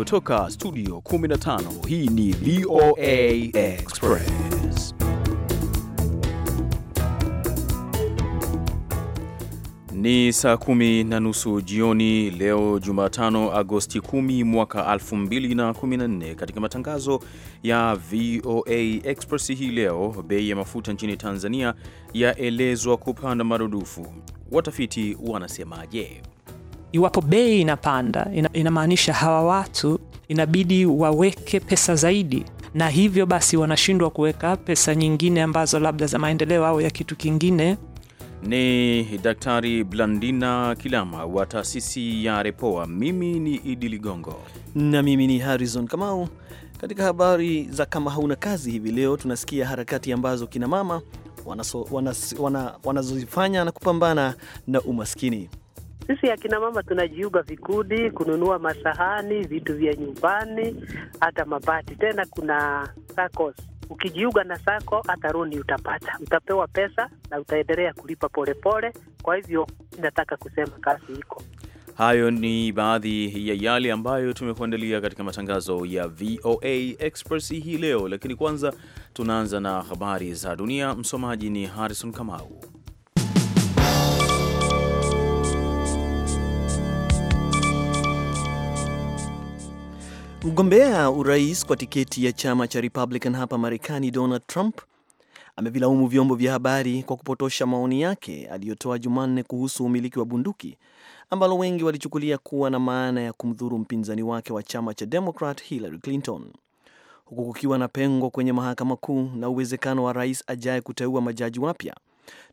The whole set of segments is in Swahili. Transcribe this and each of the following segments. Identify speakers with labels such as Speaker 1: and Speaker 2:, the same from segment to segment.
Speaker 1: kutoka studio 15 hii ni VOA Express ni saa kumi na nusu jioni leo Jumatano Agosti 10 mwaka 2014 katika matangazo ya VOA Express hii leo bei ya mafuta nchini Tanzania yaelezwa kupanda marudufu watafiti wanasemaje
Speaker 2: Iwapo bei inapanda, inamaanisha hawa watu inabidi waweke pesa zaidi, na hivyo basi wanashindwa kuweka pesa nyingine ambazo labda za maendeleo au ya kitu kingine.
Speaker 1: Ni Daktari Blandina Kilama wa
Speaker 3: taasisi ya Repoa. Mimi ni Idi Ligongo na mimi ni harizon Kamau. Katika habari za kama hauna kazi hivi leo, tunasikia harakati ambazo kinamama wanazozifanya wana, wana na kupambana na umaskini.
Speaker 4: Sisi akina mama tunajiunga vikundi kununua masahani, vitu vya nyumbani, hata mabati. Tena kuna SACCOS. Ukijiunga na sako hata roni utapata, utapewa pesa na utaendelea kulipa polepole pole. Kwa hivyo nataka kusema kazi iko.
Speaker 1: Hayo ni baadhi ya yale ambayo tumekuandalia katika matangazo ya VOA Express hii leo, lakini kwanza tunaanza na habari za dunia. Msomaji ni
Speaker 3: Harrison Kamau. Mgombea urais kwa tiketi ya chama cha Republican hapa Marekani, Donald Trump amevilaumu vyombo vya habari kwa kupotosha maoni yake aliyotoa Jumanne kuhusu umiliki wa bunduki ambalo wengi walichukulia kuwa na maana ya kumdhuru mpinzani wake wa chama cha Democrat Hillary Clinton, huku kukiwa na pengo kwenye mahakama kuu na uwezekano wa rais ajaye kuteua majaji wapya.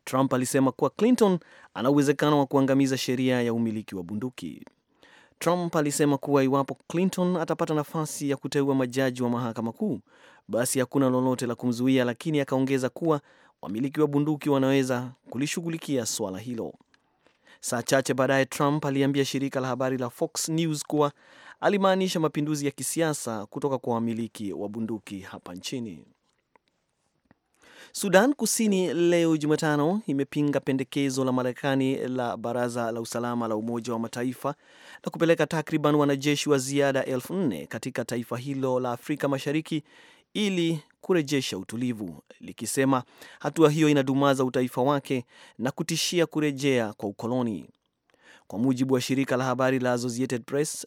Speaker 3: Trump alisema kuwa Clinton ana uwezekano wa kuangamiza sheria ya umiliki wa bunduki. Trump alisema kuwa iwapo Clinton atapata nafasi ya kuteua majaji wa mahakama kuu, basi hakuna lolote la kumzuia, lakini akaongeza kuwa wamiliki wa bunduki wanaweza kulishughulikia swala hilo. Saa chache baadaye, Trump aliambia shirika la habari la Fox News kuwa alimaanisha mapinduzi ya kisiasa kutoka kwa wamiliki wa bunduki hapa nchini. Sudan Kusini leo Jumatano imepinga pendekezo la Marekani la Baraza la Usalama la Umoja wa Mataifa la kupeleka takriban wanajeshi wa ziada elfu nne katika taifa hilo la Afrika Mashariki ili kurejesha utulivu, likisema hatua hiyo inadumaza utaifa wake na kutishia kurejea kwa ukoloni. Kwa mujibu wa shirika la habari la Associated Press,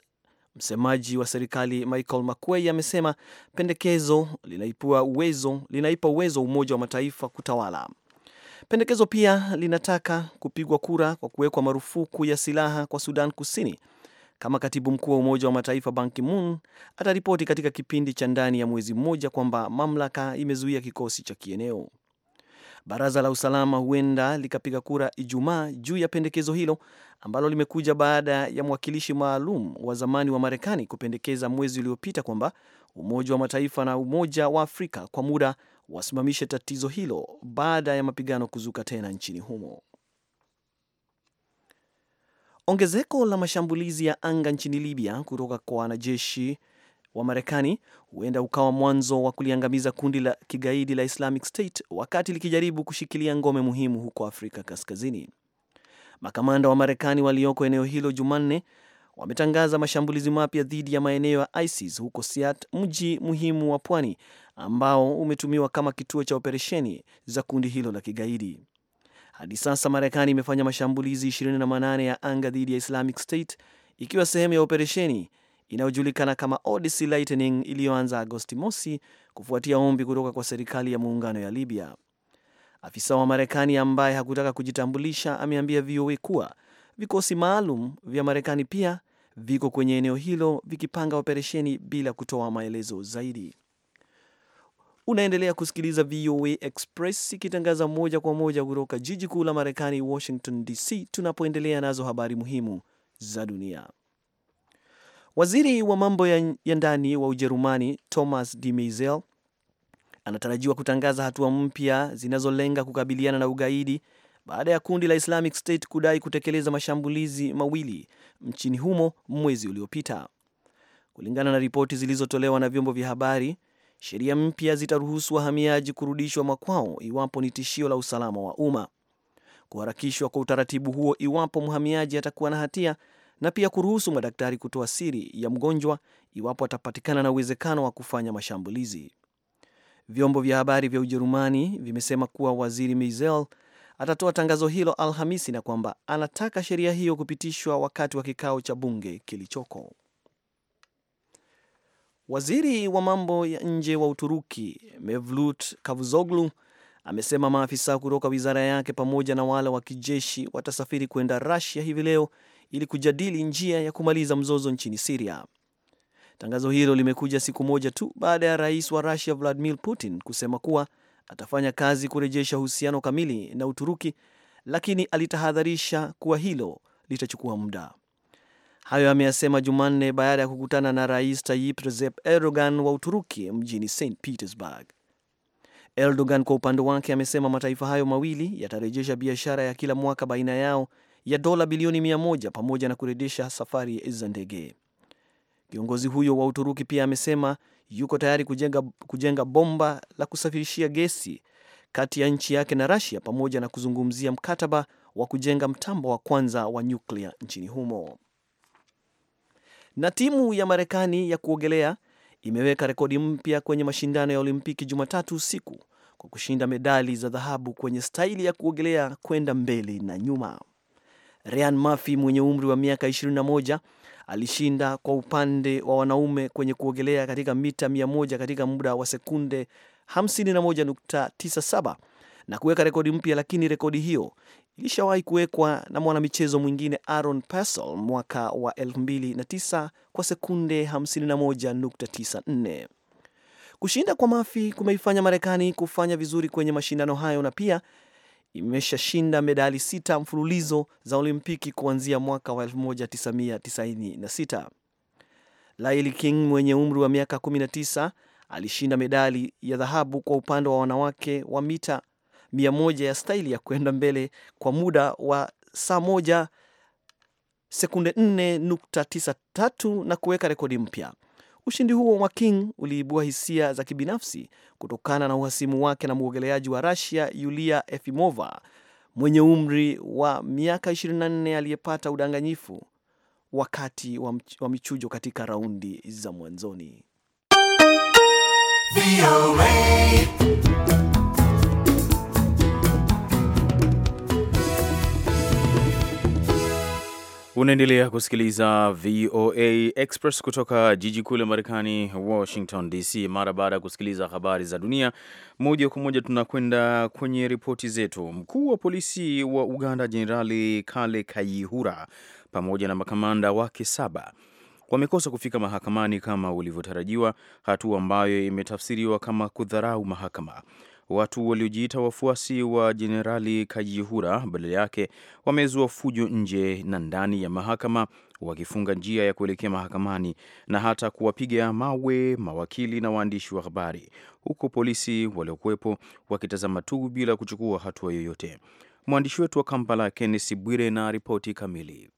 Speaker 3: Msemaji wa serikali Michael Makuei amesema pendekezo linaipa uwezo, linaipa uwezo Umoja wa Mataifa kutawala. Pendekezo pia linataka kupigwa kura kwa kuwekwa marufuku ya silaha kwa Sudan Kusini kama katibu mkuu wa Umoja wa Mataifa Ban Ki-moon ataripoti katika kipindi cha ndani ya mwezi mmoja kwamba mamlaka imezuia kikosi cha kieneo. Baraza la usalama huenda likapiga kura Ijumaa juu ya pendekezo hilo ambalo limekuja baada ya mwakilishi maalum wa zamani wa Marekani kupendekeza mwezi uliopita kwamba Umoja wa Mataifa na Umoja wa Afrika kwa muda wasimamishe tatizo hilo baada ya mapigano kuzuka tena nchini humo. Ongezeko la mashambulizi ya anga nchini Libya kutoka kwa wanajeshi wa Marekani huenda ukawa mwanzo wa kuliangamiza kundi la kigaidi la Islamic State wakati likijaribu kushikilia ngome muhimu huko Afrika Kaskazini. Makamanda wa Marekani walioko eneo hilo Jumanne wametangaza mashambulizi mapya dhidi ya maeneo ya ISIS huko Siat, mji muhimu wa pwani ambao umetumiwa kama kituo cha operesheni za kundi hilo la kigaidi. Hadi sasa Marekani imefanya mashambulizi 28 ya anga dhidi ya Islamic State ikiwa sehemu ya operesheni inayojulikana kama Odyssey Lightning iliyoanza Agosti mosi kufuatia ombi kutoka kwa serikali ya muungano ya Libya. Afisa wa Marekani ambaye hakutaka kujitambulisha ameambia VOA kuwa vikosi maalum vya Marekani pia viko kwenye eneo hilo vikipanga operesheni bila kutoa maelezo zaidi. Unaendelea kusikiliza VOA Express ikitangaza moja kwa moja kutoka jiji kuu la Marekani, Washington DC, tunapoendelea nazo habari muhimu za dunia. Waziri wa mambo ya, ya ndani wa Ujerumani Thomas de Maizière anatarajiwa kutangaza hatua mpya zinazolenga kukabiliana na ugaidi baada ya kundi la Islamic State kudai kutekeleza mashambulizi mawili nchini humo mwezi uliopita. Kulingana na ripoti zilizotolewa na vyombo vya habari, sheria mpya zitaruhusu wahamiaji kurudishwa makwao iwapo ni tishio la usalama wa umma. Kuharakishwa kwa utaratibu huo iwapo mhamiaji atakuwa na hatia na pia kuruhusu madaktari kutoa siri ya mgonjwa iwapo atapatikana na uwezekano wa kufanya mashambulizi. Vyombo vya habari vya Ujerumani vimesema kuwa waziri Mizel atatoa tangazo hilo Alhamisi na kwamba anataka sheria hiyo kupitishwa wakati wa kikao cha bunge kilichoko. Waziri wa mambo ya nje wa Uturuki Mevlut Cavusoglu amesema maafisa kutoka wizara yake pamoja na wale wa kijeshi watasafiri kwenda rasia hivi leo ili kujadili njia ya kumaliza mzozo nchini Siria. Tangazo hilo limekuja siku moja tu baada ya rais wa Rusia Vladimir Putin kusema kuwa atafanya kazi kurejesha uhusiano kamili na Uturuki, lakini alitahadharisha kuwa hilo litachukua muda. Hayo ameyasema Jumanne baada ya kukutana na rais Tayyip Recep Erdogan wa Uturuki mjini St Petersburg. Erdogan kwa upande wake amesema mataifa hayo mawili yatarejesha biashara ya kila mwaka baina yao ya dola bilioni mia moja pamoja na kurejesha safari za ndege. Kiongozi huyo wa Uturuki pia amesema yuko tayari kujenga, kujenga bomba la kusafirishia gesi kati ya nchi yake na rasia pamoja na kuzungumzia mkataba wa kujenga mtambo wa kwanza wa nyuklia nchini humo. Na timu ya Marekani ya kuogelea imeweka rekodi mpya kwenye mashindano ya Olimpiki Jumatatu usiku kwa kushinda medali za dhahabu kwenye staili ya kuogelea kwenda mbele na nyuma. Ryan Murphy mwenye umri wa miaka 21 alishinda kwa upande wa wanaume kwenye kuogelea katika mita 100 katika muda wa sekunde 51.97 na kuweka rekodi mpya, lakini rekodi hiyo ilishawahi kuwekwa na mwanamichezo mwingine Aaron Pessel mwaka wa 2009 kwa sekunde 51.94. Kushinda kwa mafi kumeifanya Marekani kufanya vizuri kwenye mashindano hayo na pia imeshashinda medali sita mfululizo za Olimpiki kuanzia mwaka wa 1996. Laili King mwenye umri wa miaka 19 alishinda medali ya dhahabu kwa upande wa wanawake wa mita 100 ya staili ya kwenda mbele kwa muda wa saa moja sekunde 4.93 na kuweka rekodi mpya. Ushindi huo wa King uliibua hisia za kibinafsi kutokana na uhasimu wake na mwogeleaji wa Russia Yulia Efimova mwenye umri wa miaka 24 aliyepata udanganyifu wakati wa michujo katika raundi za mwanzoni.
Speaker 1: Unaendelea kusikiliza VOA Express kutoka jiji kuu la Marekani, Washington DC. Mara baada ya kusikiliza habari za dunia moja kwa moja, tunakwenda kwenye ripoti zetu. Mkuu wa polisi wa Uganda Jenerali Kale Kayihura pamoja na makamanda wake saba wamekosa kufika mahakamani kama ulivyotarajiwa, hatua ambayo imetafsiriwa kama kudharau mahakama watu waliojiita wafuasi wa Jenerali Kayihura badala yake wamezua fujo nje na ndani ya mahakama wakifunga njia ya kuelekea mahakamani na hata kuwapiga mawe mawakili na waandishi wa habari, huku polisi waliokuwepo wakitazama tu bila kuchukua hatua yoyote. Mwandishi wetu wa Kampala, Kennesi Bwire, na ripoti kamili.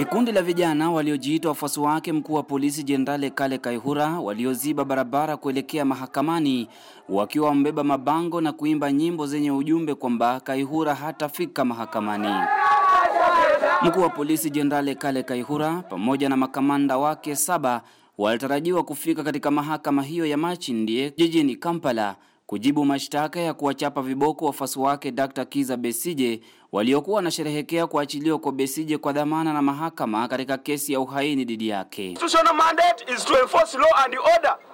Speaker 5: Ni kundi la vijana waliojiita wafuasi wake mkuu wa polisi Jenerali Kale Kaihura walioziba barabara kuelekea mahakamani wakiwa wamebeba mabango na kuimba nyimbo zenye ujumbe kwamba Kaihura hatafika mahakamani. Mkuu wa polisi Jenerali Kale Kaihura pamoja na makamanda wake saba walitarajiwa kufika katika mahakama hiyo ya Machindie jijini Kampala kujibu mashtaka ya kuwachapa viboko wafuasi wake Dr. Kiza Besije waliokuwa wanasherehekea kuachiliwa kwa Besije kwa dhamana na mahakama katika kesi ya uhaini dhidi yake.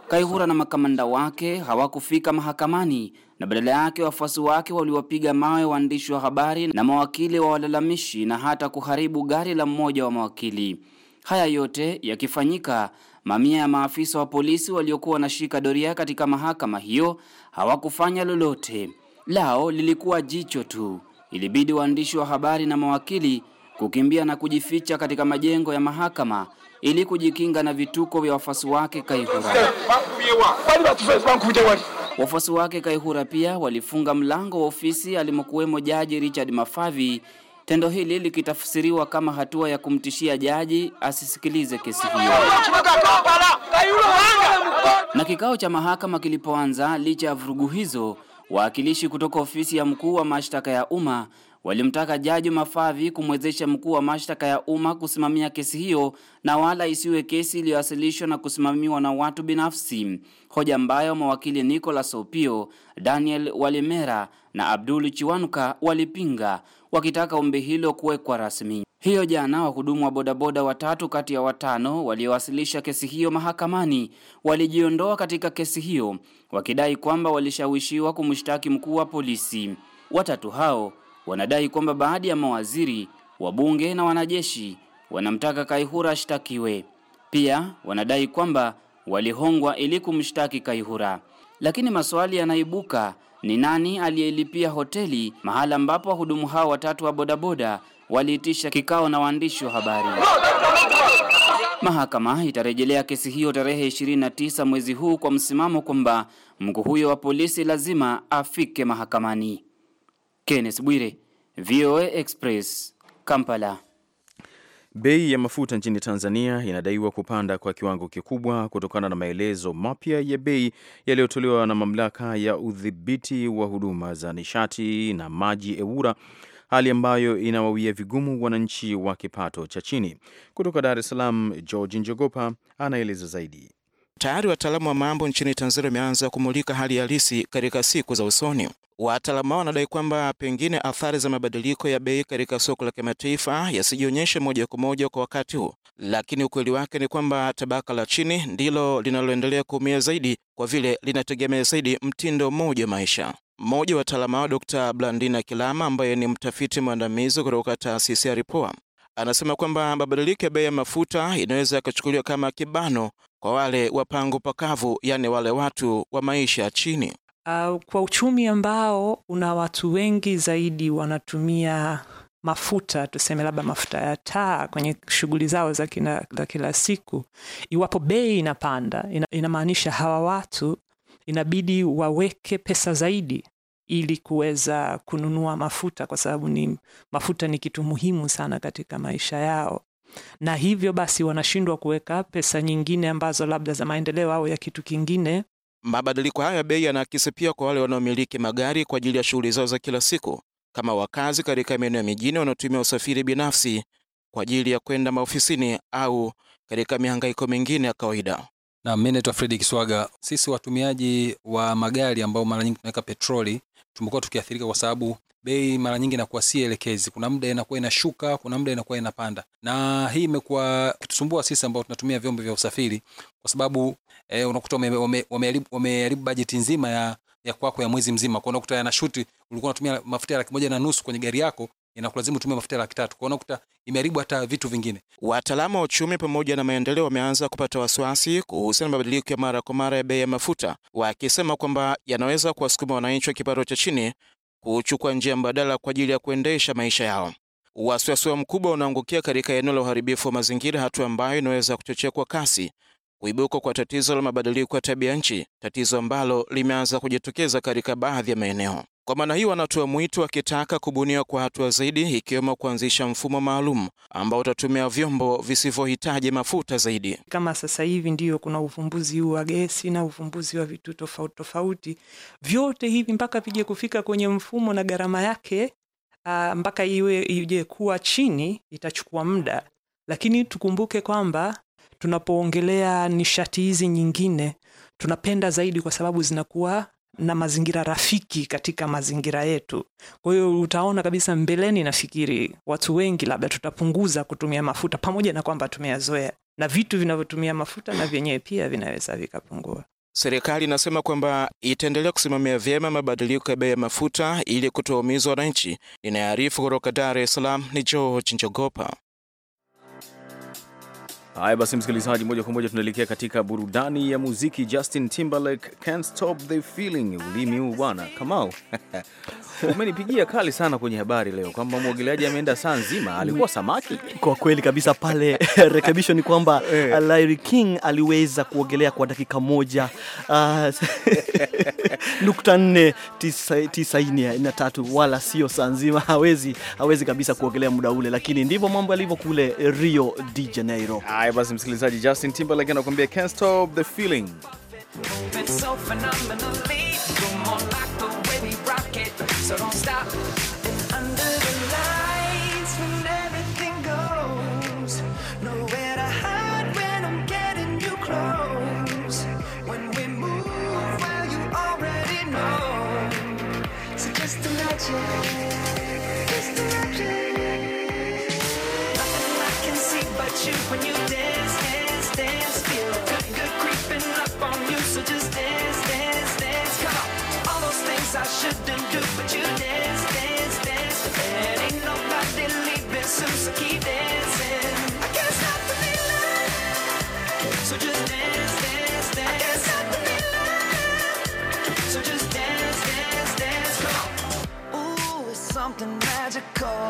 Speaker 5: Kaihura na makamanda wake hawakufika mahakamani na badala yake wafuasi wake waliwapiga mawe waandishi wa habari na mawakili wa walalamishi na hata kuharibu gari la mmoja wa mawakili. Haya yote yakifanyika, mamia ya maafisa wa polisi waliokuwa wanashika doria katika mahakama hiyo hawakufanya lolote, lao lilikuwa jicho tu ilibidi waandishi wa habari na mawakili kukimbia na kujificha katika majengo ya mahakama ili kujikinga na vituko vya wafuasi wake Kaihura. Wafuasi wake Kaihura pia walifunga mlango wa ofisi alimokuwemo Jaji Richard Mafavi, tendo hili likitafsiriwa kama hatua ya kumtishia jaji asisikilize kesi hiyo. Na kikao cha mahakama kilipoanza, licha ya vurugu hizo Waakilishi kutoka ofisi ya mkuu wa mashtaka ya umma walimtaka Jaji Mafavi kumwezesha mkuu wa mashtaka ya umma kusimamia kesi hiyo na wala isiwe kesi iliyowasilishwa na kusimamiwa na watu binafsi, hoja ambayo mawakili nicolas Opio, Daniel Walimera na Abdul Chiwanuka walipinga wakitaka ombi hilo kuwekwa rasmi. Hiyo jana wahudumu wa bodaboda watatu kati ya watano waliowasilisha kesi hiyo mahakamani walijiondoa katika kesi hiyo wakidai kwamba walishawishiwa kumshtaki mkuu wa polisi. Watatu hao wanadai kwamba baadhi ya mawaziri, wabunge na wanajeshi wanamtaka Kaihura ashtakiwe. Pia wanadai kwamba walihongwa ili kumshtaki Kaihura. Lakini maswali yanaibuka, ni nani aliyelipia hoteli mahala ambapo wahudumu hao watatu wa bodaboda waliitisha kikao na waandishi wa habari. Mahakama itarejelea kesi hiyo tarehe 29 mwezi huu kwa msimamo kwamba mkuu huyo wa polisi lazima afike mahakamani. Kenneth Bwire, VOA Express, Kampala. Bei ya
Speaker 1: mafuta nchini Tanzania inadaiwa kupanda kwa kiwango kikubwa kutokana na maelezo mapya ya bei yaliyotolewa na mamlaka ya udhibiti wa huduma za nishati na maji EWURA hali ambayo inawawia vigumu wananchi wa kipato cha chini. Kutoka Dar es Salaam, George Njogopa anaeleza zaidi. Tayari wataalamu wa mambo nchini
Speaker 6: Tanzania wameanza kumulika hali halisi katika siku za usoni. Wataalamu hao wanadai kwamba pengine athari za mabadiliko ya bei katika soko la kimataifa yasijionyeshe moja kwa moja kwa wakati huu, lakini ukweli wake ni kwamba tabaka la chini ndilo linaloendelea kuumia zaidi, kwa vile linategemea zaidi mtindo mmoja wa maisha. Mmoja wa wataalamu hao Dr. Blandina Kilama ambaye ni mtafiti mwandamizi kutoka taasisi ya Ripoa anasema kwamba mabadiliko ya bei ya mafuta inaweza yakachukuliwa kama kibano kwa wale wapango pakavu, yaani wale watu wa maisha ya chini.
Speaker 2: Uh, kwa uchumi ambao una watu wengi zaidi wanatumia mafuta tuseme labda mafuta ya taa kwenye shughuli zao za kila, za kila siku, iwapo bei inapanda ina, inamaanisha hawa watu inabidi waweke pesa zaidi ili kuweza kununua mafuta, kwa sababu ni mafuta ni kitu muhimu sana katika maisha yao, na hivyo basi wanashindwa kuweka pesa nyingine ambazo labda za maendeleo au ya kitu kingine.
Speaker 6: Mabadiliko haya ya bei yanaakisi pia kwa wale wanaomiliki magari kwa ajili ya shughuli zao za kila siku, kama wakazi katika maeneo ya mijini wanaotumia usafiri binafsi kwa ajili ya kwenda maofisini
Speaker 7: au katika mihangaiko mingine ya kawaida. Na mimi naitwa fredi Kiswaga. Sisi watumiaji wa magari ambao mara nyingi tunaweka petroli tumekuwa tukiathirika kwa sababu bei mara nyingi inakuwa si elekezi. Kuna muda inakuwa inashuka, kuna muda inakuwa inapanda, na hii imekuwa kitusumbua sisi ambao tunatumia vyombo vya usafiri kwa sababu eh, unakuta wameharibu wame, bajeti nzima ya ya kwako ya mwezi mzima. Kwa unakuta yanashuti, ulikuwa unatumia mafuta ya laki moja na nusu kwenye gari yako, inakulazimu utumie mafuta laki tatu. Kwaona kuta imeharibu hata vitu vingine. Wataalamu
Speaker 6: wa uchumi pamoja na maendeleo wameanza kupata wasiwasi kuhusiana na mabadiliko ya mara kwa mara ya bei ya mafuta, wakisema kwamba yanaweza kuwasukuma wananchi wa kipato cha chini kuchukua njia mbadala kwa ajili ya kuendesha maisha yao. Wasiwasi mkubwa unaangukia katika eneo la uharibifu wa mazingira, hatua ambayo inaweza kuchochea kwa kasi kuibuka kwa tatizo la mabadiliko ya tabia nchi, tatizo ambalo limeanza kujitokeza katika baadhi ya maeneo. Kwa maana hiyo, wanatoa mwito akitaka kubuniwa kwa hatua zaidi, ikiwemo kuanzisha mfumo maalum ambao utatumia vyombo visivyohitaji mafuta zaidi.
Speaker 2: Kama sasa hivi ndiyo kuna uvumbuzi huu wa gesi na uvumbuzi wa vitu tofauti tofauti, vyote hivi mpaka vije kufika kwenye mfumo na gharama yake uh, mpaka iwe ije kuwa chini itachukua muda, lakini tukumbuke kwamba tunapoongelea nishati hizi nyingine tunapenda zaidi kwa sababu zinakuwa na mazingira rafiki katika mazingira yetu. Kwa hiyo utaona kabisa mbeleni, nafikiri watu wengi labda tutapunguza kutumia mafuta, pamoja na kwamba tumeyazoea na vitu vinavyotumia mafuta na vyenyewe pia vinaweza vikapungua.
Speaker 6: Serikali inasema kwamba itaendelea kusimamia vyema mabadiliko ya bei ya mafuta ili kutowaumizwa wananchi.
Speaker 1: Ninayearifu kutoka Dar es Salaam ni George Njogopa. Haya basi, msikilizaji, moja kwa moja tunaelekea katika burudani ya muziki. Justin Timberlake, Can't Stop the Feeling. Ulimi huu bwana Kamau umenipigia kali
Speaker 3: sana kwenye habari leo kwamba mwogeleaji ameenda saa nzima, alikuwa samaki kwa kweli kabisa pale. Rekebisho ni kwamba eh. uh, Larry King aliweza kuogelea kwa dakika moja uh, nukta nne tisaini na tatu, wala sio saa nzima. Hawezi hawezi kabisa kuogelea muda ule, lakini ndivyo mambo yalivyo kule Rio de Janeiro. Haya basi, msikilizaji, Justin Timberlake anakuambia can't stop the feeling.
Speaker 2: so don't stop shouldn't do, but you dance, dance, dance. There ain't nobody leaving soon, so keep dancing. I can't stop the feeling, so just dance, dance, dance. can't stop the feeling, so just dance, dance, dance. Ooh, it's something magical.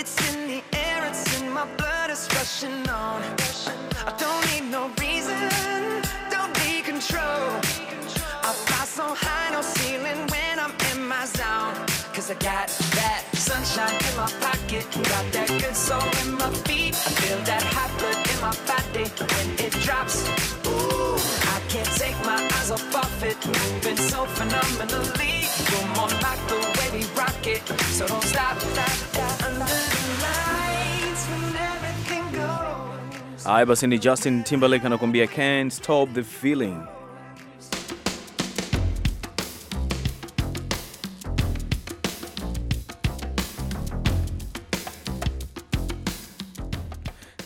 Speaker 2: It's in the air, it's in my blood, it's rushing on. I don't need no reason, don't be control. I fly so high cause I got that sunshine in my pocket Got that good soul in my feet I feel that hot blood in my body when it drops Ooh, I can't take my eyes off of it Moving so phenomenally come on, more like the way we rock it So don't stop, stop, stop Under the lights when everything
Speaker 1: goes Haya Justin Timberlake anakuambia can't stop the feeling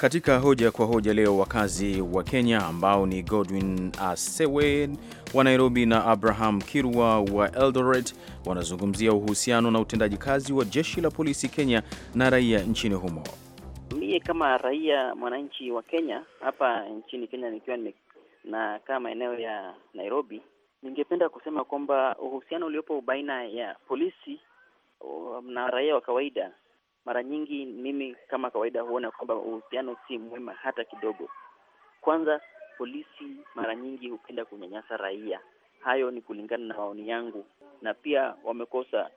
Speaker 1: Katika hoja kwa hoja leo, wakazi wa Kenya ambao ni Godwin Asewe wa Nairobi na Abraham Kirwa wa Eldoret wanazungumzia uhusiano na utendaji kazi wa jeshi la polisi Kenya na raia nchini humo.
Speaker 8: Mie kama raia mwananchi wa Kenya hapa nchini Kenya, nikiwa na kaa maeneo ya Nairobi, ningependa kusema kwamba uhusiano uliopo baina ya polisi um, na raia wa kawaida mara nyingi mimi kama kawaida huona kwamba uhusiano si mwema hata kidogo. Kwanza, polisi mara nyingi hupenda kunyanyasa raia. Hayo ni kulingana na maoni yangu, na pia wamekosa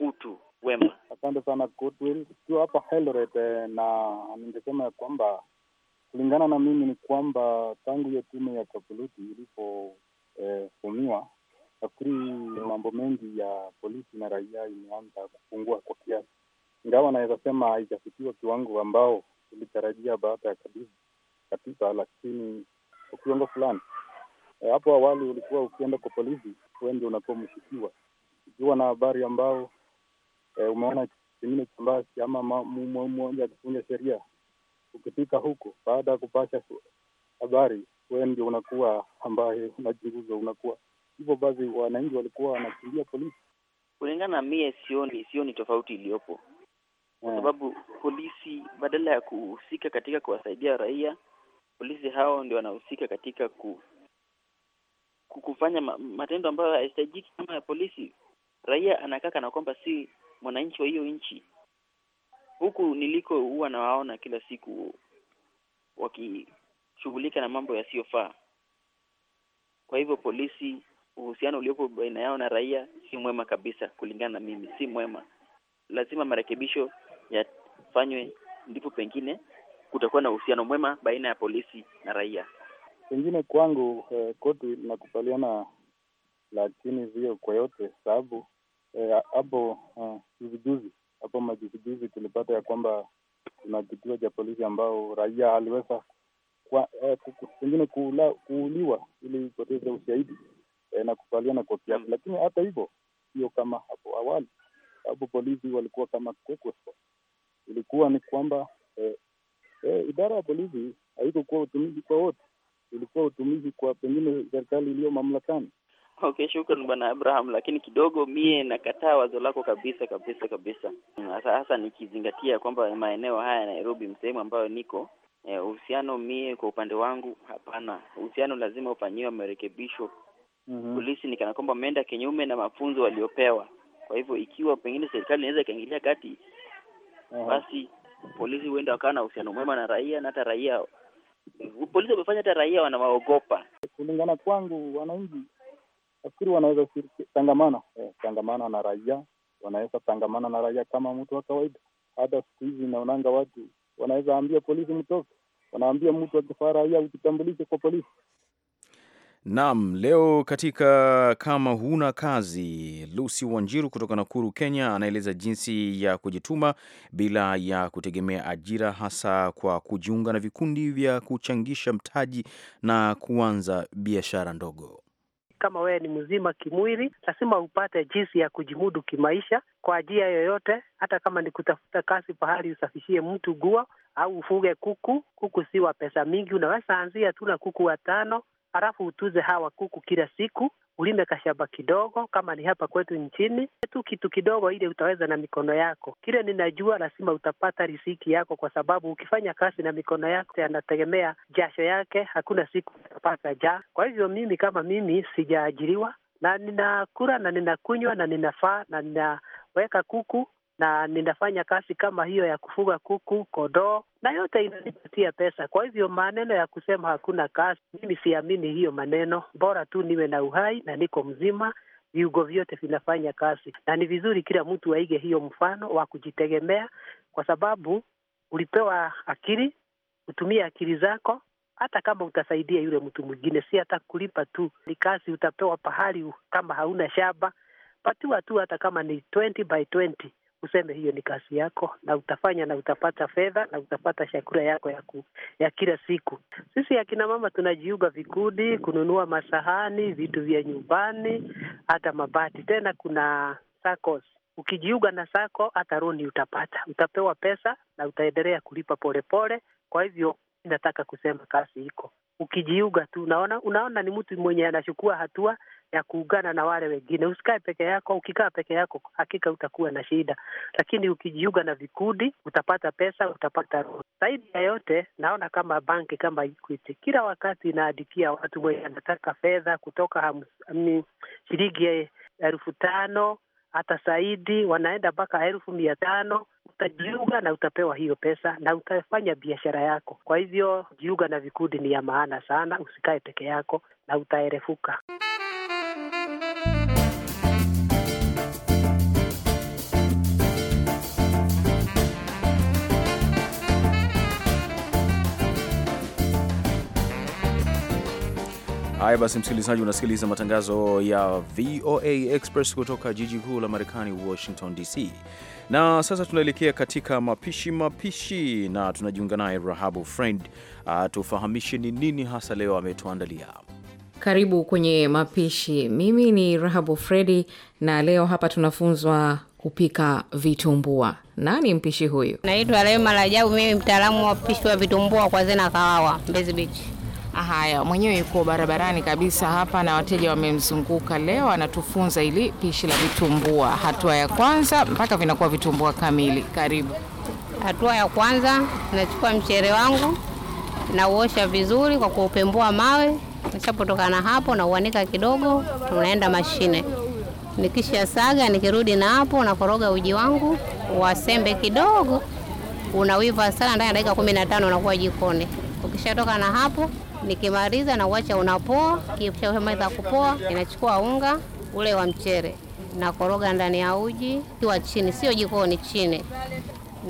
Speaker 8: utu wema.
Speaker 9: Asante sana Goodwill, ukiwa hapa Eldoret, eh, na ningesema ya kwamba kulingana na mimi ni kwamba tangu hiyo tume ya Chapuluti ilipofumiwa eh, nafikiri mambo mengi ya polisi na raia imeanza kupungua kwa kiasi ingawa anaweza sema haijafikiwa kiwango ambao ilitarajia baada ya katiba, lakini kwa kiwango fulani e, hapo awali ulikuwa ukienda kwa polisi wende unakuwa mshukiwa ukiwa na habari ambao e, umeona pengine chambasi ama mmoja akifunja sheria, ukifika huko baada ya kupasha habari wewe ndio unakuwa ambaye unachunguzwa unakuwa hivyo. Basi wananchi walikuwa wanakimbia polisi.
Speaker 8: Kulingana na mie, sioni sioni tofauti iliyopo kwa eh. sababu polisi badala ya kuhusika katika kuwasaidia raia, polisi hao ndio wanahusika katika ku, kufanya matendo ambayo hayahitajiki kama ya polisi. Raia anakaa kana kwamba si mwananchi wa hiyo nchi. Huku niliko huwa nawaona kila siku wakishughulika na mambo yasiyofaa. Kwa hivyo polisi, uhusiano uliopo baina yao na raia si mwema kabisa. Kulingana na mimi, si mwema. Lazima marekebisho yafanywe, ndipo pengine kutakuwa na uhusiano mwema baina ya polisi na raia.
Speaker 9: Pengine kwangu eh, koti linakubaliana lakini sio kwa yote, sababu eh, hapo eh, juzijuzi hapo majuzijuzi tulipata ya kwamba kuna kituo cha polisi ambao raia aliweza eh, pengine eh, kuuliwa ili ipoteze ushahidi eh, na kukubaliana kwa kiasi mm. Lakini hata hivyo sio kama hapo awali, sababu polisi walikuwa kama kwekwe ilikuwa ni kwamba eh, eh, idara ya polisi haikokuwa utumizi kwa wote, ilikuwa utumizi kwa pengine serikali iliyo mamlakani.
Speaker 8: Okay, shukran bwana Abraham, lakini kidogo mie nakataa wazo lako kabisa kabisa kabisa, mm, hasa hasa nikizingatia kwamba maeneo haya ya Nairobi, msehemu ambayo niko eh, uhusiano eh, mie kwa upande wangu, hapana, uhusiano lazima ufanyiwe marekebisho. mm -hmm. Polisi ni kana kwamba ameenda kinyume na mafunzo waliopewa. Kwa hivyo ikiwa pengine serikali inaweza ikaingilia kati -huh. Basi polisi huenda wakawa na uhusiano mwema na raia na hata raia, polisi wamefanya hata raia wanawaogopa.
Speaker 9: Kulingana kwangu, wananchi nafikiri wanaweza tangamana eh, tangamana na raia, wanaweza tangamana na raia kama mtu wa kawaida. Hata siku hizi naonanga watu wanaweza ambia polisi mtoke, wanaambia mtu akifaa raia ujitambulishe kwa polisi.
Speaker 1: Naam, leo katika kama huna kazi, Lucy Wanjiru kutoka Nakuru, Kenya, anaeleza jinsi ya kujituma bila ya kutegemea ajira, hasa kwa kujiunga na vikundi vya kuchangisha mtaji na kuanza biashara ndogo.
Speaker 4: Kama wewe ni mzima kimwili, lazima upate jinsi ya kujimudu kimaisha kwa ajia yoyote, hata kama ni kutafuta kazi pahali usafishie mtu gua au ufuge kuku. Kuku si wa pesa mingi, unaweza anzia tu na kuku watano halafu utuze hawa kuku kila siku, ulime kashamba kidogo, kama ni hapa kwetu nchini tu, kitu kidogo ile utaweza na mikono yako. Kile ninajua lazima utapata riziki yako, kwa sababu ukifanya kazi na mikono yako, anategemea jasho yake, hakuna siku utapata ja. Kwa hivyo mimi kama mimi sijaajiriwa na ninakula na ninakunywa na ninafaa na ninaweka kuku na ninafanya kazi kama hiyo ya kufuga kuku, kondoo, na yote inanipatia pesa. Kwa hivyo maneno ya kusema hakuna kazi, mimi siamini hiyo maneno. Bora tu niwe na uhai na niko mzima, viungo vyote vinafanya kazi, na ni vizuri kila mtu aige hiyo mfano wa kujitegemea, kwa sababu ulipewa akili, utumie akili zako hata kama utasaidia yule mtu mwingine, si hata kulipa tu. Ni kazi utapewa pahali, kama hauna shamba, patiwa tu, hata kama ni 20 by 20 useme hiyo ni kazi yako, na utafanya na utapata fedha na utapata chakula yako ya, ku, ya kila siku. Sisi akina mama tunajiunga vikundi kununua masahani, vitu vya nyumbani, hata mabati. Tena kuna SACCOS ukijiunga na sako hata roni utapata, utapewa pesa na utaendelea kulipa polepole pole. Kwa hivyo nataka kusema kazi iko ukijiunga tu, unaona unaona ni mtu mwenye anachukua hatua ya kuungana na wale wengine. Usikae peke yako. Ukikaa peke yako, hakika utakuwa na shida, lakini ukijiunga na vikundi utapata pesa, utapata ruhu. Zaidi ya yote, naona kama banki kama Equity kila wakati inaadikia watu wenye anataka fedha kutoka shilingi elfu tano hata zaidi, wanaenda mpaka elfu mia tano Utajiunga na utapewa hiyo pesa na utafanya biashara yako. Kwa hivyo jiunga na vikundi ni ya maana sana, usikae peke yako na utaerefuka.
Speaker 1: Haya basi, msikilizaji, unasikiliza matangazo ya VOA Express kutoka jiji kuu la Marekani, Washington DC. Na sasa tunaelekea katika mapishi mapishi, na tunajiunga naye Rahabu Friend atufahamishe ah, ni nini hasa leo ametuandalia.
Speaker 10: Karibu kwenye mapishi. Mimi ni Rahabu Fredi, na leo hapa tunafunzwa kupika vitumbua. Nani mpishi huyu?
Speaker 11: Naitwa Rehema Rajabu, mimi mtaalamu wa upishi wa vitumbua kwa
Speaker 10: Zena Kawawa, Mbezi Beach. Haya, mwenyewe yuko barabarani kabisa hapa na wateja wamemzunguka. Leo anatufunza ili pishi la vitumbua, hatua ya kwanza mpaka vinakuwa vitumbua kamili. Karibu. Hatua ya kwanza, nachukua mchere wangu
Speaker 11: nauosha vizuri kwa kuupembua mawe. na hapo na uanika kidogo, tunaenda mashine. Nikisha saga, nikirudi na hapo nakoroga uji wangu wasembe kidogo, unawiva sana, ndani ya dakika 15 unakuwa jikoni. Ukishatoka na hapo Nikimaliza na uacha unapoa, kishamaliza kupoa, inachukua unga ule wa mchele na koroga ndani ya uji kiwa chini, sio jikoni, chini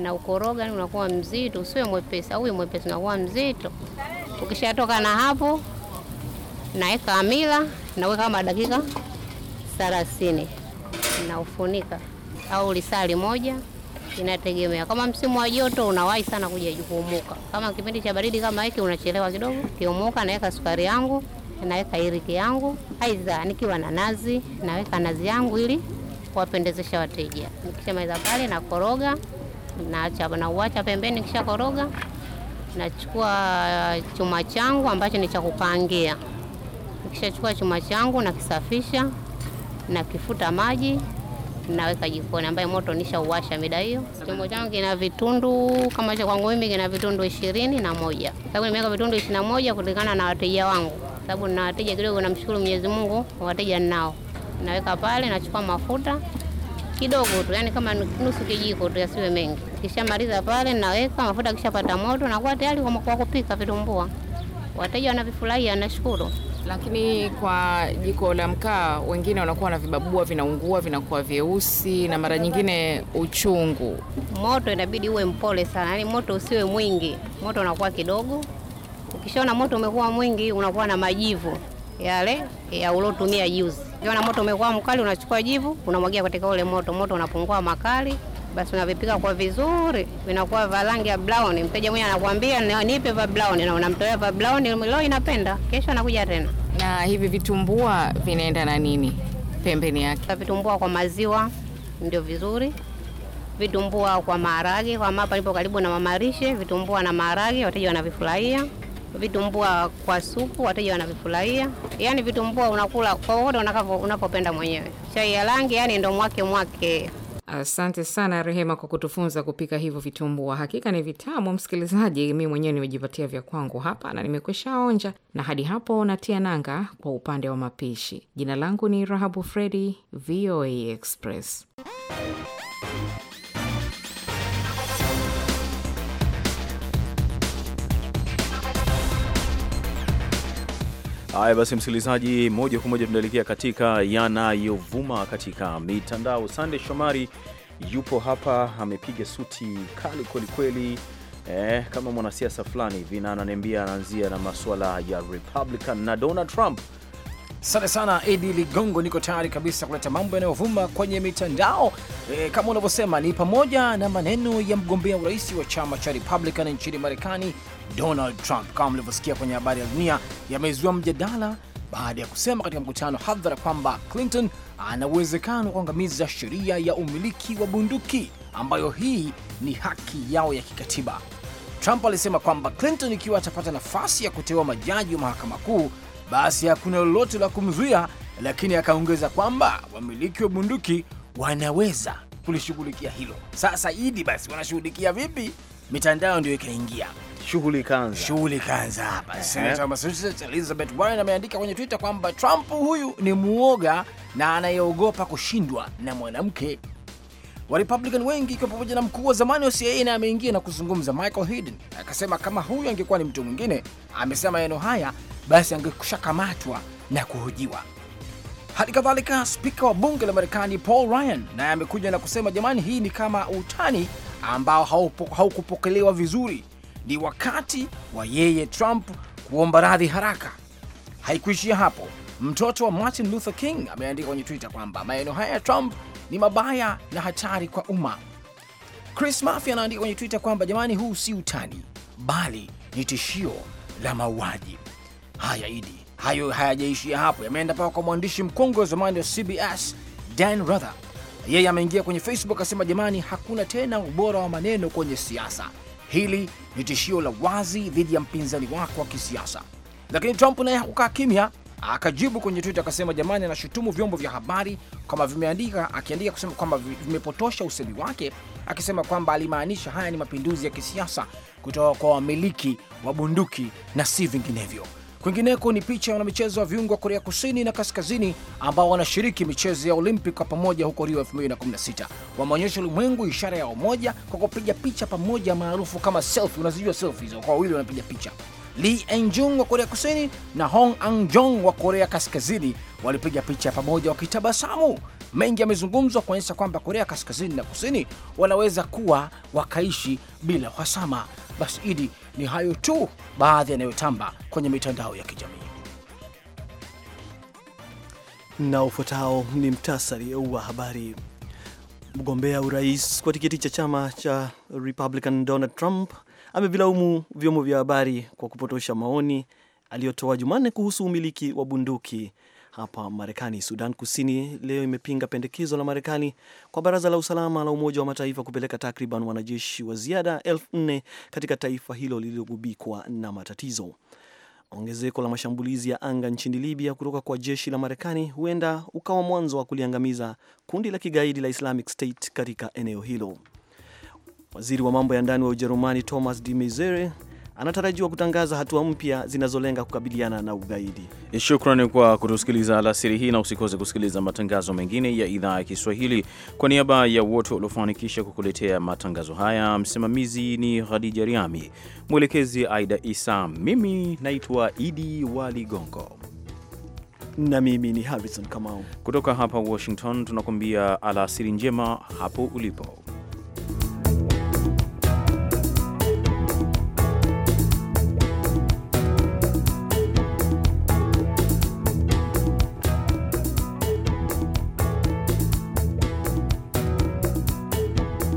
Speaker 11: na ukoroga, unakuwa mzito, usiwe mwepesi au mwepesi, unakuwa mzito. Ukishatoka na hapo, naweka amila, naweka kama dakika 30 na ufunika au lisali moja. Inategemea, kama msimu wa joto unawahi sana kuja kuumuka, kama kipindi cha baridi kama hiki unachelewa kidogo. Kiumuka naweka sukari yangu, naweka iriki yangu, aidha nikiwa na nazi naweka nazi yangu ili kuwapendezesha wateja. Nikishamaliza pale nakoroga, naacha na uacha pembeni, kisha koroga nachukua chuma changu ambacho ni cha kukaangia. Nikishachukua chuma changu nakisafisha, nakifuta maji naweka jikoni ambaye moto nishauwasha mida hiyo. Chombo changu kina vitundu kama cha kwangu mimi kina vitundu ishirini na moja sababu nimeweka vitundu ishirini na moja kulingana na wateja wangu, sababu na wateja kidogo, namshukuru Mwenyezi Mungu, wateja ninao. Naweka pale, nachukua mafuta kidogo tu, yani kama nusu kijiko tu, yasiwe mengi. Kishamaliza pale naweka mafuta, kishapata moto nakuwa tayari kwa kupika vitumbua. Wateja wanavifurahia, nashukuru.
Speaker 10: Lakini kwa jiko la mkaa wengine wanakuwa na vibabua vinaungua, vinakuwa vyeusi na mara nyingine uchungu.
Speaker 11: Moto inabidi uwe mpole sana, yaani moto usiwe mwingi, moto unakuwa kidogo. Ukishaona moto umekuwa mwingi, unakuwa na majivu yale ya uliotumia juzi. Ukiona moto umekuwa mkali, unachukua jivu unamwagia katika ule moto, moto unapungua makali basi unavipika kwa vizuri, vinakuwa vya rangi ya brown. Mteja mwenyewe anakuambia nipe vya brown, na unamtolea vya brown, leo inapenda, kesho anakuja tena. Na hivi vitumbua vinaenda na nini pembeni yake? Vitumbua kwa maziwa ndio vizuri, vitumbua kwa maharage. Kwa mapa nipo karibu na mamarishe, vitumbua na maharage wateja wanavifurahia vitumbua kwa supu wateja wanavifurahia. Yani vitumbua unakula kwa wote unakavyo unapopenda mwenyewe. Chai ya rangi, yani ndo mwake mwake.
Speaker 10: Asante sana Rehema kwa kutufunza kupika hivyo vitumbua, hakika ni vitamu. Msikilizaji, mi mwenyewe nimejipatia vya kwangu hapa na nimekwisha onja, na hadi hapo natia nanga kwa upande wa mapishi. Jina langu ni Rahabu Fredi, VOA Express.
Speaker 1: Haya basi, msikilizaji, moja kwa moja tunaelekea katika yanayovuma katika mitandao. Sande Shomari yupo hapa, amepiga suti kali kwelikweli, eh, kama mwanasiasa fulani hivi, na
Speaker 7: ananiambia anaanzia na masuala ya Republican na Donald Trump Asante sana Edi Ligongo, niko tayari kabisa kuleta mambo yanayovuma kwenye mitandao e, kama unavyosema ni pamoja na maneno ya mgombea urais wa chama cha Republican nchini Marekani, Donald Trump, kama mlivyosikia kwenye habari ya dunia, yamezua mjadala baada ya kusema katika mkutano hadhara kwamba Clinton ana uwezekano wa kuangamiza sheria ya umiliki wa bunduki ambayo hii ni haki yao ya kikatiba. Trump alisema kwamba Clinton ikiwa atapata nafasi ya kuteua majaji wa mahakama kuu basi hakuna lolote la kumzuia, lakini akaongeza kwamba wamiliki wa bunduki wanaweza kulishughulikia hilo. Sasa Idi, basi wanashughulikia vipi? Mitandao ndio ikaingia, shughuli kanza, shughuli kanza Basi senata wa Massachusetts Elizabeth Warren ameandika kwenye Twitter kwamba Trump huyu ni muoga na anayeogopa kushindwa na mwanamke. Warepublican wengi ikiwa pamoja na mkuu wa zamani wa CIA na ameingia na kuzungumza Michael Hayden, akasema kama huyu angekuwa ni mtu mwingine, amesema maneno haya basi kamatwa na kuhojiwa. Hali kadhalika spika wa bunge la Marekani Paul Ryan naye amekuja na kusema, jamani, hii ni kama utani ambao haukupokelewa vizuri. Ni wakati wa yeye Trump kuomba radhi haraka. Haikuishia hapo. Mtoto wa Martin Luther King ameandika kwenye Twitter kwamba maneno haya ya Trump ni mabaya na hatari kwa umma. Chris Murphy anaandika kwenye Twitter kwamba jamani, huu si utani, bali ni tishio la mauaji. Haya Idi, hayo hayajaishia hapo, yameenda paka kwa mwandishi mkongwe wa zamani wa CBS Dan Rather. Yeye ameingia kwenye Facebook akasema, jamani, hakuna tena ubora wa maneno kwenye siasa. Hili ni tishio la wazi dhidi ya mpinzani wako wa kisiasa. Lakini Trump naye hakukaa kimya, akajibu kwenye Twitter akasema, jamani, anashutumu vyombo vya habari kama vimeandika, akiandika kusema kwamba vimepotosha usemi wake, akisema kwamba alimaanisha haya ni mapinduzi ya kisiasa kutoka kwa wamiliki wa bunduki na si vinginevyo. Kwingineko ni picha ya wanamichezo wa viungo wa Korea Kusini na Kaskazini ambao wanashiriki michezo ya olimpi kwa pamoja huko Rio 2016 wameonyesha ulimwengu ishara ya umoja kwa kupiga picha pamoja maarufu kama selfie. Unazijua hizo, kwa wawili wanapiga picha. Lee Enjung wa Korea Kusini na Hong Jong wa Korea Kaskazini walipiga picha pamoja wakitabasamu. Mengi yamezungumzwa kuonyesha kwamba Korea Kaskazini na Kusini wanaweza kuwa wakaishi bila uhasama. Basi Idi, ni hayo tu baadhi
Speaker 3: yanayotamba kwenye mitandao ya kijamii, na ufuatao ni mtasari wa habari. Mgombea urais kwa tiketi cha chama cha Republican Donald Trump amevilaumu vyombo vya habari kwa kupotosha maoni aliyotoa Jumanne kuhusu umiliki wa bunduki hapa Marekani, Sudan Kusini leo imepinga pendekezo la Marekani kwa Baraza la Usalama la Umoja wa Mataifa kupeleka takriban wanajeshi wa ziada elfu nne katika taifa hilo lililogubikwa na matatizo. Ongezeko la mashambulizi ya anga nchini Libya kutoka kwa jeshi la Marekani huenda ukawa mwanzo wa kuliangamiza kundi la kigaidi la Islamic State katika eneo hilo. Waziri wa mambo ya ndani wa Ujerumani Thomas de Maizière anatarajiwa kutangaza hatua mpya zinazolenga kukabiliana na ugaidi.
Speaker 1: E, shukrani kwa kutusikiliza alasiri hii, na usikose kusikiliza matangazo mengine ya idhaa ya Kiswahili. Kwa niaba ya wote waliofanikisha kukuletea matangazo haya, msimamizi ni Khadija Riami, mwelekezi Aida Isa, mimi naitwa Idi wa Ligongo
Speaker 3: na mimi ni
Speaker 1: Harrison Kamau kutoka hapa Washington, tunakuambia alasiri njema hapo ulipo.